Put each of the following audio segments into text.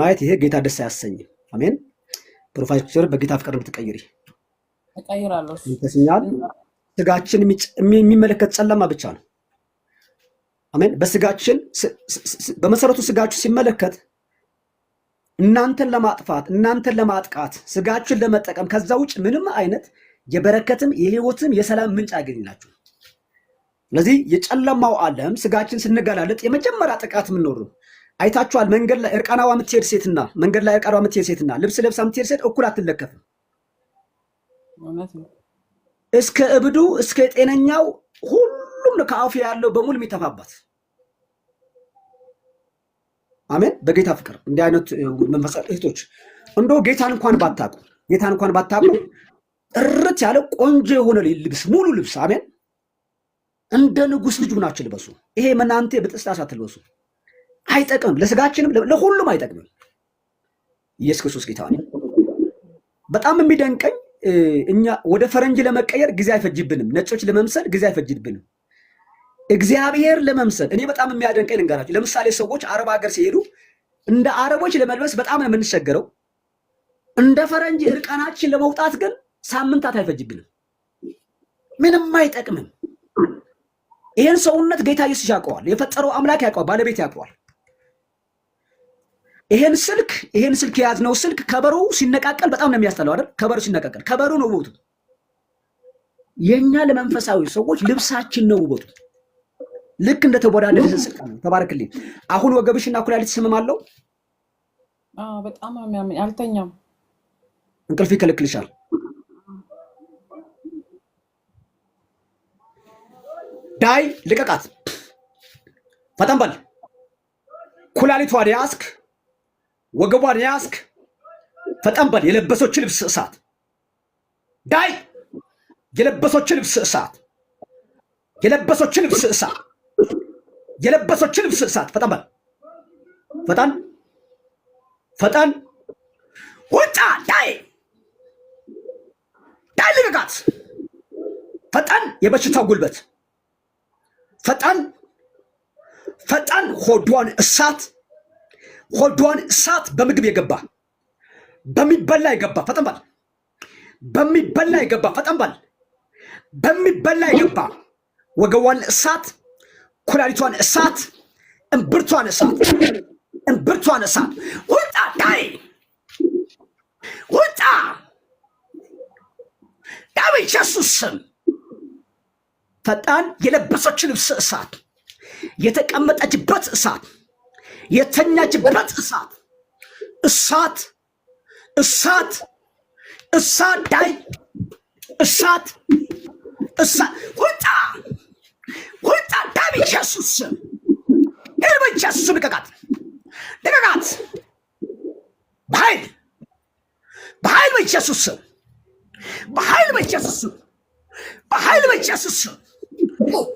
ማየት ይሄ ጌታ ደስ አያሰኝም። አሜን። ፕሮፌሰር በጌታ ፍቅር ብትቀይሪ ተስኛል። ስጋችን የሚመለከት ጨለማ ብቻ ነው። አሜን። በስጋችን በመሰረቱ ስጋችሁ ሲመለከት እናንተን ለማጥፋት እናንተን ለማጥቃት ስጋችን ለመጠቀም ከዛ ውጭ ምንም አይነት የበረከትም የህይወትም የሰላም ምንጭ አያገኝላችሁ። ስለዚህ የጨለማው ዓለም ስጋችን ስንገላለጥ የመጀመሪያ ጥቃት የምንኖር ነው። አይታችኋል። መንገድ ላይ እርቃናዋ የምትሄድ ሴትና መንገድ ላይ እርቃናዋ የምትሄድ ሴትና ልብስ ለብሳ የምትሄድ ሴት እኩል አትለከፍም። እስከ እብዱ እስከ ጤነኛው ሁሉም ነው ከአፉ ያለው በሙሉ የሚተፋባት። አሜን። በጌታ ፍቅር እንዲህ አይነት መንፈሳ እህቶች እንዶ ጌታን እንኳን ባታቁ ጌታን እንኳን ባታቁ ጥርት ያለ ቆንጆ የሆነ ልብስ ሙሉ ልብስ አሜን፣ እንደ ንጉሥ ልጅ ሆናችሁ ልበሱ። ይሄ መናንቴ በጥስጣስ ትልበሱ። አይጠቅምም። ለስጋችንም ለሁሉም አይጠቅምም። ኢየሱስ ክርስቶስ ጌታ ነው። በጣም የሚደንቀኝ እኛ ወደ ፈረንጅ ለመቀየር ጊዜ አይፈጅብንም። ነጮች ለመምሰል ጊዜ አይፈጅብንም። እግዚአብሔር ለመምሰል እኔ በጣም የሚያደንቀኝ ልንገራችሁ። ለምሳሌ ሰዎች አረብ ሀገር ሲሄዱ እንደ አረቦች ለመልበስ በጣም ነው የምንቸገረው። እንደ ፈረንጅ እርቃናችን ለመውጣት ግን ሳምንታት አይፈጅብንም። ምንም አይጠቅምም። ይህን ሰውነት ጌታ ኢየሱስ ያውቀዋል። የፈጠረው አምላክ ያውቀዋል። ባለቤት ያውቀዋል። ይሄን ስልክ ይሄን ስልክ የያዝነው ስልክ ከበሮ ሲነቃቀል በጣም ነው የሚያስጠላው አይደል? ከበሮ ሲነቃቀል ከበሮ ነው ውበቱ። የኛ ለመንፈሳዊ ሰዎች ልብሳችን ነው ውበቱ። ልክ እንደ ተወዳደረ ስልክ ነው። ተባረክልኝ። አሁን ወገብሽና ኩላሊት ስምም አለው። አዎ፣ በጣም አሚያም አልተኛም። እንቅልፍ ይከለክልሻል። ዳይ ልቀቃት፣ ፈጠን በል ኩላሊቷ ዲያስክ ወገቧን ያስክ ፈጠን በል። የለበሶች ልብስ እሳት ዳይ የለበሶች ልብስ እሳት የለበሶች ልብስ እሳት የለበሶች ልብስ እሳት ፈጠን በል። ፈጠን ፈጠን ውጣ ዳይ ዳይ ልቀቃት። ፈጠን የበሽታው ጉልበት ፈጠን ፈጠን ሆዷን እሳት ሆዷን እሳት በምግብ የገባ በሚበላ የገባ ፈጠን በል በሚበላ የገባ ፈጠን በል በሚበላ የገባ ወገቧን እሳት፣ ኩላሊቷን እሳት፣ እምብርቷን እሳት፣ እምብርቷን እሳት ውጣ ዳይ ውጣ ዳዊ ኢየሱስ ስም ፈጣን የለበሰች ልብስ እሳት የተቀመጠችበት እሳት የተኛችበት እሳት እሳት እሳት እሳት ዳይ እሳት እሳት ውጣ ውጣ ዳም ኢየሱስ ይህ በኢየሱስ ልቀቃት ልቀቃት በኃይል በኃይል በኢየሱስ በኃይል በኢየሱስ በኃይል በኢየሱስ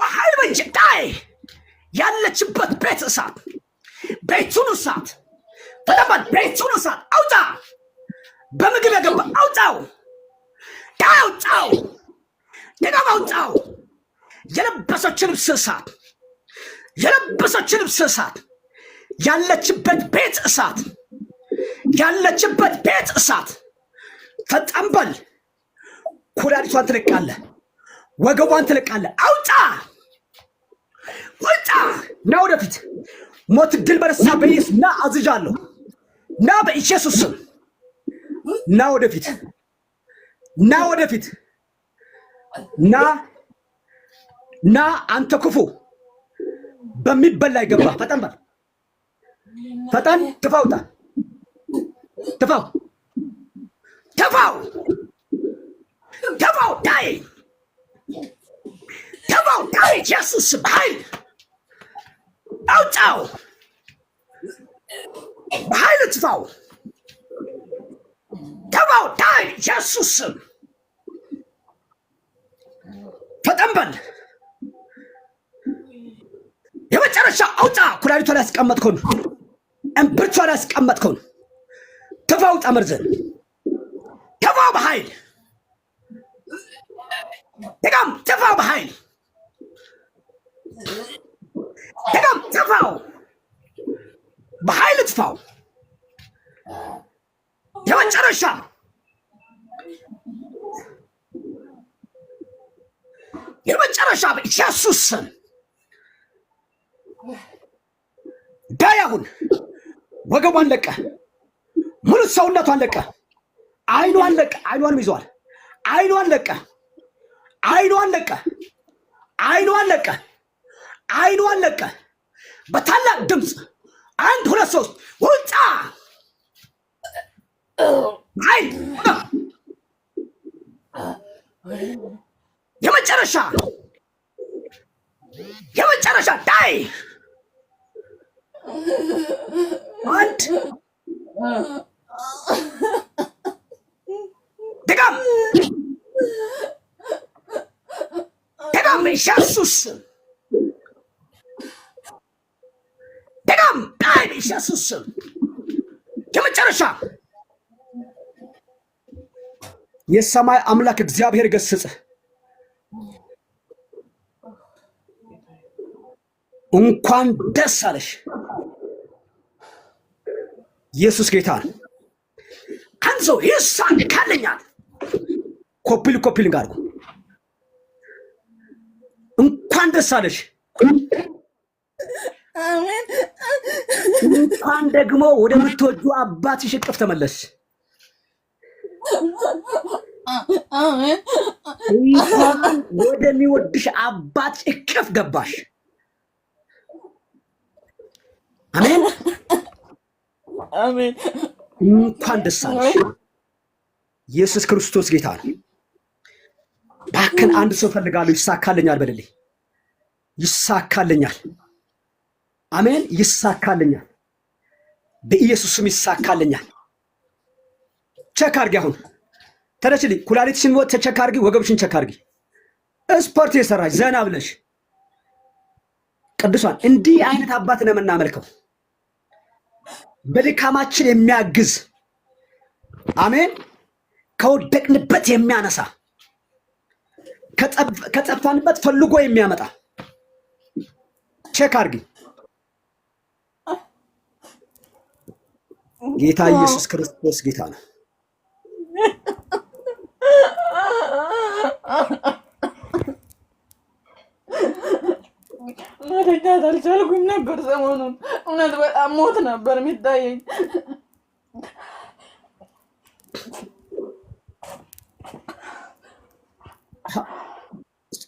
በኃይል በኢየሱስ ዳይ ያለችበት ቤት እሳት ቤቱን እሳት ተጠባት። ቤቱን እሳት አውጣ። በምግብ የገባ አውጣው፣ ዳው አውጣው፣ ድጋም አውጣው። የለበሰች ልብስ እሳት፣ የለበሰች ልብስ እሳት፣ ያለችበት ቤት እሳት፣ ያለችበት ቤት እሳት። ተጠንበል። ኩላሊቷን ትልቃለህ፣ ወገቧን ትልቃለህ። አውጣ፣ ውጣ፣ ና ወደፊት ሞት ድል በረሳ በኢየሱስ ና አዝዣለሁ። ና በኢየሱስ ና ወደፊት ና ወደፊት ና ና አንተ ክፉ በሚበላ ይገባ ፈጠን በል ፈጠን ትፋውጣ ትፋው ትፋው ትፋው ታይ ትፋው ታይ ኢየሱስ በኃይል አውጣው፣ በኃይል ትፋው፣ ተፋው። ዳይ ኢየሱስ ስም ተጠንበል። የመጨረሻ አውጣ። ኩላሊቷ ላይ ያስቀመጥከውን እምብርቷ ላይ ያስቀመጥከውን ተፋው። ውጣ መርዘን ተፋው በኃይል ጥቃም ተፋው በኃይል ጥቅም ጥፋው፣ በኃይል ጥፋው። የመጨረሻ የመጨረሻ በኢየሱስ ስም ዳይ አሁን ወገቧን ለቀ፣ ሙሉ ሰውነቷን ለቀ፣ አይኗን ለቀ። አይኗንም ይዘዋል። አይኗን ለቀ፣ አይኗን ለቀ፣ አይኗን ለቀ አይኗን ለቀ በታላቅ ድምፅ አንድ ሁለት ሶስት ውጣ አይ የመጨረሻ የመጨረሻ ዳይ አንድ ደጋም ደጋም ኢየሱስ ሲያስስል ከመጨረሻ የሰማይ አምላክ እግዚአብሔር ገስጽ እንኳን ደስ አለሽ። ኢየሱስ ጌታ ነው። አንድ ሰው ይሳን ካለኛል ኮፒል ኮፒል ጋር እንኳን ደስ አለሽ። አሜን። እንኳን ደግሞ ወደ ምትወጁ አባትሽ እቅፍ ተመለስ ወደሚወድሽ አባት እቅፍ ገባሽ። አሜን አሜን። እንኳን ደስ አለሽ። ኢየሱስ ክርስቶስ ጌታ ነው። ባክን አንድ ሰው ፈልጋለሁ፣ ይሳካልኛል በልልኝ። ይሳካልኛል። አሜን ይሳካልኛል። በኢየሱስ ስም ይሳካልኛል። ቸክ አርጊ፣ አሁን ተነሽልኝ። ኩላሊትሽን ቸክ አርጊ፣ ወገብሽን ቸክ አርጊ። ስፖርት የሰራሽ ዘና ብለሽ ቅዱሳን እንዲህ አይነት አባት ነው የምናመልከው፣ በድካማችን የሚያግዝ አሜን፣ ከወደቅንበት የሚያነሳ ከጠፋንበት ፈልጎ የሚያመጣ ቼክ አድርጊ። ጌታ ኢየሱስ ክርስቶስ ጌታ ነው። መተኛት አልቻልኩም ነበር ሰሞኑን። እውነት በጣም ሞት ነበር የሚታየኝ።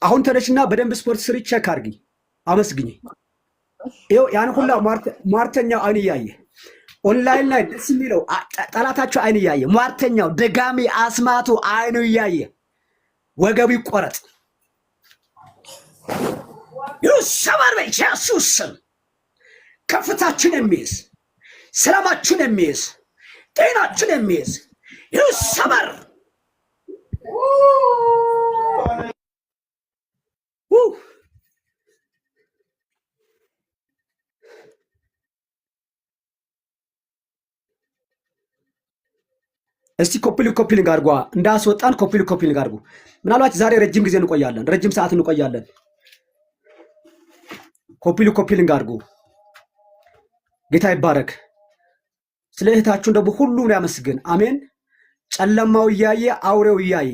አሁን ተነሽና በደንብ ስፖርት ስሪ፣ ቼክ አድርጊ፣ አመስግኝ። ያን ሁላ ማርተኛው አይን እያየ ኦንላይን ላይ ደስ የሚለው ጠላታቸው አይን እያየ ሟርተኛው ደጋሚ አስማቱ አይኑ እያየ ወገቡ ይቆረጥ። ይሰበር በኢየሱስ ስም። ከፍታችን የሚይዝ ሰላማችን የሚይዝ ጤናችን የሚይዝ ይሰበር። እስቲ ኮፒል ኮፒሊንግ አድርጓ እንዳስወጣን ኮፒሊ ኮፒሊንግ አድርጉ። ምናልባት ዛሬ ረጅም ጊዜ እንቆያለን፣ ረጅም ሰዓት እንቆያለን። ኮፒል ኮፒሊንግ አድርጉ። ጌታ ይባረክ። ስለ እህታችሁን ደግሞ ሁሉን ያመስግን። አሜን። ጨለማው እያየ አውሬው እያየ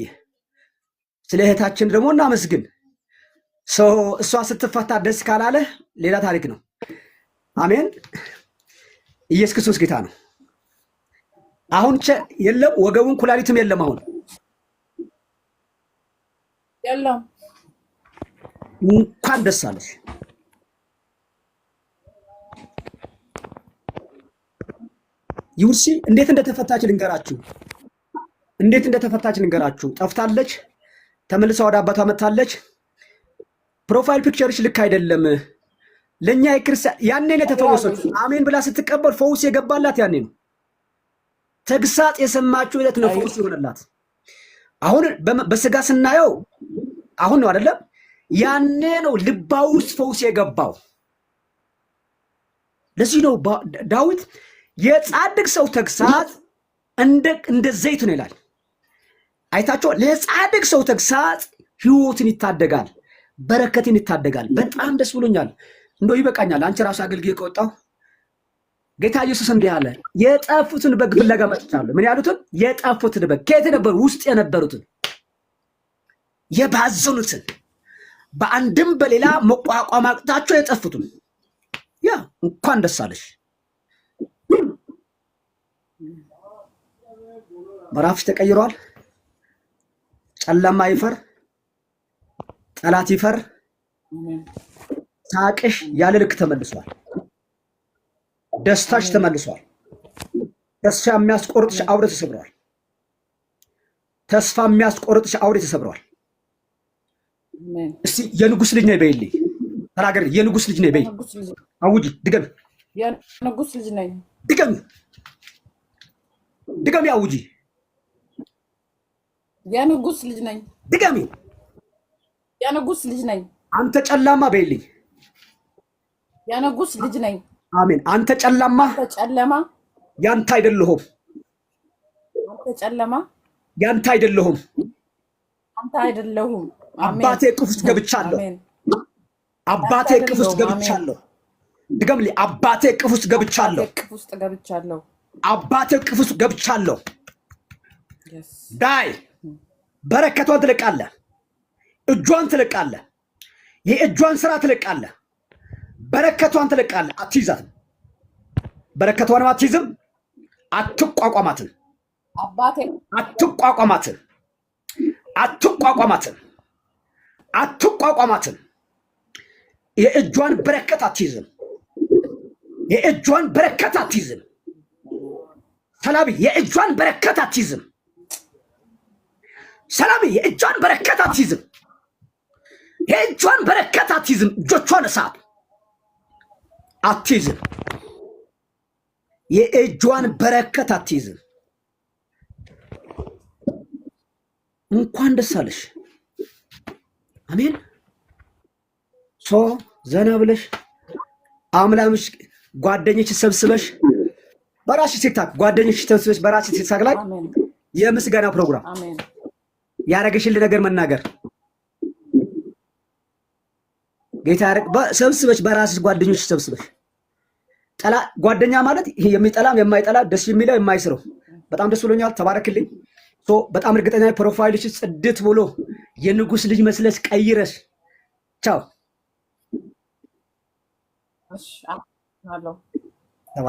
ስለ እህታችን ደግሞ እናመስግን። ሰው እሷ ስትፈታ ደስ ካላለህ ሌላ ታሪክ ነው። አሜን። ኢየሱስ ክርስቶስ ጌታ ነው። አሁን የለም ወገቡን ኩላሊትም የለም። አሁን እንኳን ደስ አለሽ። ይውርሲ እንዴት እንደተፈታች ልንገራችሁ፣ እንዴት እንደተፈታች ልንገራችሁ። ጠፍታለች፣ ተመልሳ ወደ አባቷ መታለች ፕሮፋይል ፒክቸርሽ ልክ አይደለም ለእኛ የክርስቲያን ያኔ ነው የተፈወሰች። አሜን ብላ ስትቀበል ፈውስ የገባላት ያኔ ነው። ተግሳጽ የሰማችው ዕለት ነው ፈውስ ይሆንላት። አሁን በስጋ ስናየው አሁን ነው አይደለም፣ ያኔ ነው ልባ ውስጥ ፈውስ የገባው። ለዚህ ነው ዳዊት የጻድቅ ሰው ተግሳጽ እንደ ዘይት ነው ይላል። አይታቸው ለጻድቅ ሰው ተግሳጽ ህይወትን ይታደጋል፣ በረከትን ይታደጋል። በጣም ደስ ብሎኛል። እንደው ይበቃኛል። አንቺ ራሱ አገልግዬ ከወጣሁ ጌታ ኢየሱስ እንዲህ አለ፣ የጠፉትን በግ ፍለጋ መጥቻለሁ። ምን ያሉትን? የጠፉትን በግ። ከየት የነበሩ? ውስጥ የነበሩትን የባዘኑትን፣ በአንድም በሌላ መቋቋም አቅታቸው የጠፉትን። ያ እንኳን ደስ አለሽ። ምዕራፍሽ ተቀይሯል። ጨለማ ይፈር፣ ጠላት ይፈር። ሳቅሽ ያለ ልክ ተመልሷል። ደስታሽ ተመልሷል። ተስፋ የሚያስቆርጥሽ አውሬ ተሰብረዋል። ተስፋ የሚያስቆርጥሽ አውሬ ተሰብረዋል። እስቲ የንጉስ ልጅ ነኝ በይልኝ፣ ተናገር። የንጉስ ልጅ ነኝ በይ፣ አውጂ፣ ድገም። የንጉስ ልጅ ነኝ፣ ድገም፣ ድገም፣ አውጂ። የንጉስ ልጅ ነኝ፣ ድገሚ። የንጉስ ልጅ ነኝ። አንተ ጨላማ በይልኝ፣ የንጉስ ልጅ ነኝ ድገም ድገም አውጂ የንጉስ ልጅ ነኝ ድገም። የንጉስ ልጅ ነኝ አንተ ጨላማ በይልኝ የንጉስ ልጅ ነኝ አሜን። አንተ ጨለማ ጨለማ ያንተ አይደለሁም። አንተ ጨለማ ያንተ አይደለሁም። አንተ አይደለሁም። አባቴ ቅፍ ውስጥ ገብቻለሁ። አባቴ ቅፍ ውስጥ ገብቻለሁ። ድገምልኝ። አባቴ ቅፍ ውስጥ ገብቻለሁ። አባቴ ቅፍ ውስጥ ገብቻለሁ። ዳይ በረከቷን ትልቃለህ። እጇን ትልቃለህ። የእጇን ስራ ትልቃለህ። በረከቷን ትለቃለህ፣ አትይዛትም። በረከቷንም አትይዝም፣ አትቋቋማትም፣ አትቋቋማትም፣ አትቋቋማትም፣ አትቋቋማትም። የእጇን በረከት አትይዝም፣ የእጇን በረከት አትይዝም። ሰላም የእጇን በረከት አትይዝም። ሰላም የእጇን በረከት አትይዝም። የእጇን በረከት አትይዝም። እጆቿን እሳት አትይዝም። የእጇን በረከት አትይዝም። እንኳን ደስ አለሽ። አሜን። ሶ ዘና ብለሽ አምላምሽ ጓደኞች ሰብስበሽ በራሽ ቲክታክ ጓደኞች ሰብስበሽ በራሽ ቲክታክ ላይ የምስጋና ፕሮግራም ያደረገሽልን ነገር መናገር ጌታ ያርቅ። ሰብስበሽ በራስሽ ጓደኞች ሰብስበሽ ጠላ ጓደኛ ማለት ይሄ የሚጠላም የማይጠላ ደስ የሚለው የማይስረው በጣም ደስ ብሎኛል። ተባረክልኝ። በጣም እርግጠኛ ፕሮፋይልሽ ጽድት ብሎ የንጉስ ልጅ መስለሽ ቀይረሽ ቻው።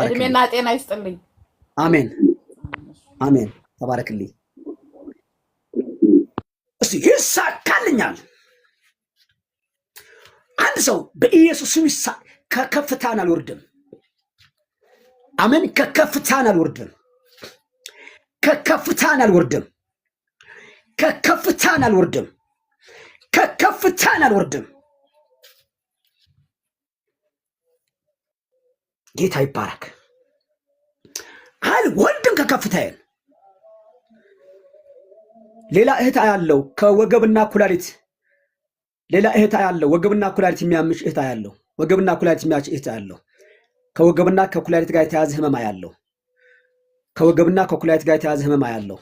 እድሜና ጤና ይስጥልኝ። አሜን አሜን። ተባረክልኝ። ይሳካልኛል አንድ ሰው በኢየሱስ ስም ከከፍታን አልወርድም። አሜን። ከከፍታን አልወርድም። ከከፍታን አልወርድም። ከከፍታን አልወርድም። ከከፍታን አልወርድም። ጌታ ይባረክ። አልወርድም ከከፍታዬን። ሌላ እህት ያለው ከወገብና ኩላሊት ሌላ እህታ ያለው ወገብና ኩላሊት የሚያምሽ እህታ ያለው ወገብና ኩላሊት የሚያምሽ እህታ ያለው ከወገብና ከኩላሊት ጋር የተያዘ ህመማ ያለው ከወገብና ከኩላሊት ጋር የተያዘ ህመማ ያለው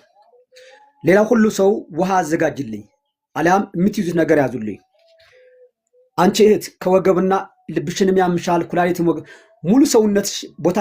ሌላ ሁሉ ሰው ውሃ አዘጋጅልኝ አሊያም የምትይዙት ነገር ያዙልኝ። አንቺ እህት ከወገብና ልብሽን የሚያምሻል ኩላሊትም ሙሉ ሰውነት ቦታ